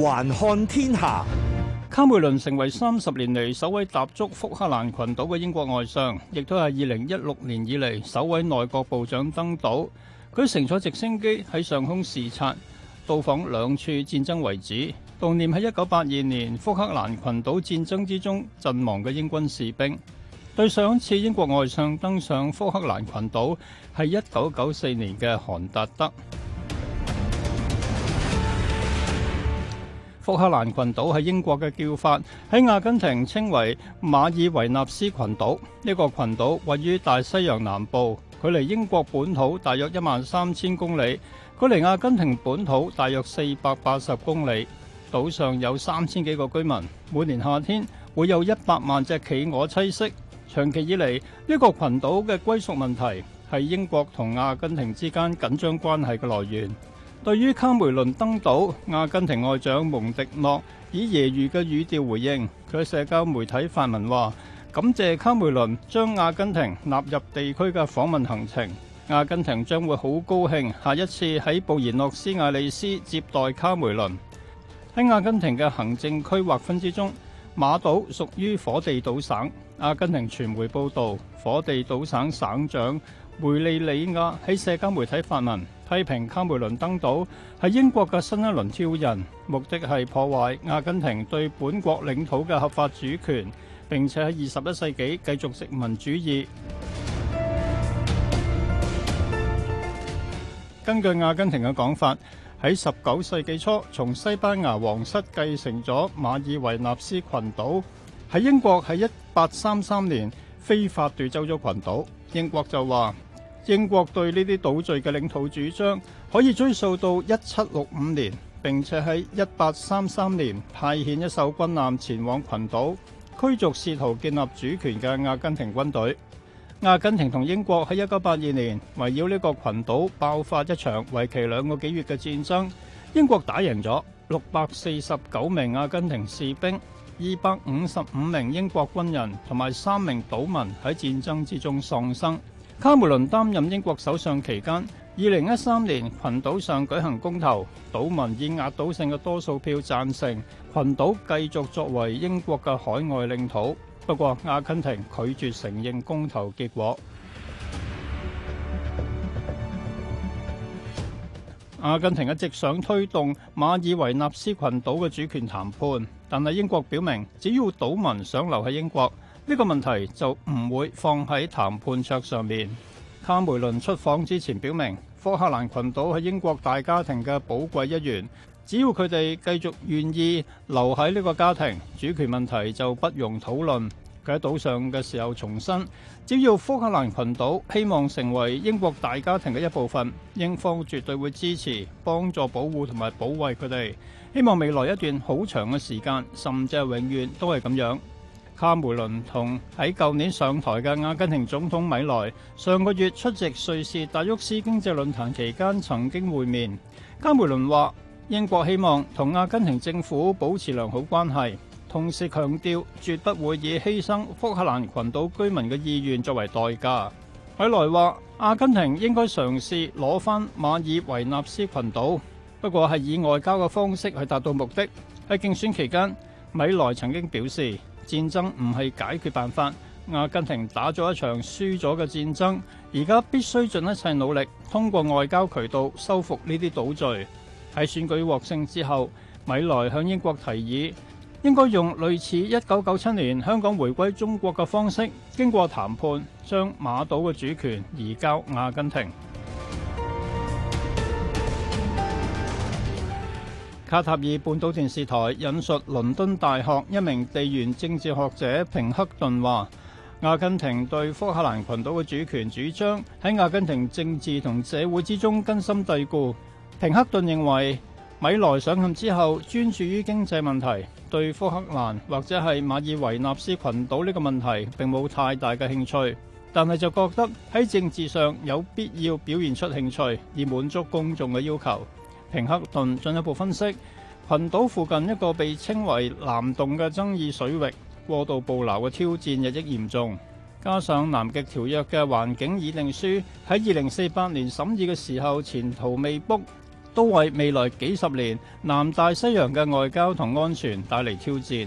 環看天下，卡梅倫成為三十年嚟首位踏足福克蘭群島嘅英國外相，亦都係二零一六年以嚟首位內閣部長登島。佢乘坐直升機喺上空視察，到訪兩處戰爭遺址，悼念喺一九八二年福克蘭群島戰爭之中陣亡嘅英軍士兵。對上次英國外相登上福克蘭群島係一九九四年嘅韓達德。福克蘭群島係英國嘅叫法，喺阿根廷稱為馬爾維納斯群島。呢個群島位於大西洋南部，距離英國本土大約一萬三千公里，距離阿根廷本土大約四百八十公里。島上有三千幾個居民，每年夏天會有一百萬隻企鵝棲息。長期以嚟，呢個群島嘅歸屬問題係英國同阿根廷之間緊張關係嘅來源。對於卡梅倫登島，阿根廷外長蒙迪諾以揶揄嘅語調回應，佢喺社交媒體發文話：感謝卡梅倫將阿根廷納入地區嘅訪問行程，阿根廷將會好高興下一次喺布宜諾斯艾利斯接待卡梅倫。喺阿根廷嘅行政區劃分之中，馬島屬於火地島省。阿根廷傳媒報導，火地島省省長梅利里亞喺社交媒體發文。批評卡梅倫登島係英國嘅新一輪挑釁，目的係破壞阿根廷對本國領土嘅合法主權，並且喺二十一世紀繼續殖民主義。 根據阿根廷嘅講法，喺十九世紀初，從西班牙皇室繼承咗馬爾維納斯群島，喺英國喺一八三三年非法奪取咗群島，英國就話。英國對呢啲島嶼嘅領土主張可以追溯到一七六五年，並且喺一八三三年派遣一艘軍艦前往群島，驅逐試圖建立主權嘅阿根廷軍隊。阿根廷同英國喺一九八二年圍繞呢個群島爆發一場為期兩個幾月嘅戰爭，英國打贏咗。六百四十九名阿根廷士兵，二百五十五名英國軍人同埋三名島民喺戰爭之中喪生。卡梅倫擔任英國首相期間，二零一三年群島上舉行公投，島民以壓倒性嘅多數票贊成，群島繼續作為英國嘅海外領土。不過，阿根廷拒絕承認公投結果。阿根廷一直想推動馬爾維納斯群島嘅主權談判，但係英國表明，只要島民想留喺英國，呢個問題就唔會放喺談判桌上面。卡梅倫出訪之前表明，福克蘭群島係英國大家庭嘅寶貴一員。只要佢哋繼續願意留喺呢個家庭，主權問題就不容討論。佢喺島上嘅時候重申，只要福克蘭群島希望成為英國大家庭嘅一部分，英方絕對會支持、幫助、保護同埋保衛佢哋。希望未來一段好長嘅時間，甚至係永遠都係咁樣。卡梅倫同喺舊年上台嘅阿根廷總統米萊上個月出席瑞士達沃斯經濟論壇期間曾經會面。卡梅倫話：英國希望同阿根廷政府保持良好關係，同時強調絕不會以犧牲福克蘭群島居民嘅意願作為代價。米萊話：阿根廷應該嘗試攞翻馬爾維納斯群島，不過係以外交嘅方式去達到目的。喺競選期間，米萊曾經表示。戰爭唔係解決辦法，阿根廷打咗一場輸咗嘅戰爭，而家必須盡一切努力，通過外交渠道收復呢啲島嶼。喺選舉獲勝之後，米萊向英國提議，應該用類似一九九七年香港回歸中國嘅方式，經過談判將馬島嘅主權移交阿根廷。卡塔爾半島電視台引述倫敦大學一名地緣政治學者平克頓話，阿根廷對福克蘭群島嘅主權主張喺阿根廷政治同社會之中根深蒂固。平克頓認為，米萊上任之後專注於經濟問題，對福克蘭或者係馬爾維納斯群島呢個問題並冇太大嘅興趣，但係就覺得喺政治上有必要表現出興趣，以滿足公眾嘅要求。平克頓進一步分析，群島附近一個被稱為南洞嘅爭議水域，過度捕撈嘅挑戰日益嚴重，加上《南極條約》嘅環境議定書喺二零四八年審議嘅時候前途未卜，都為未來幾十年南大西洋嘅外交同安全帶嚟挑戰。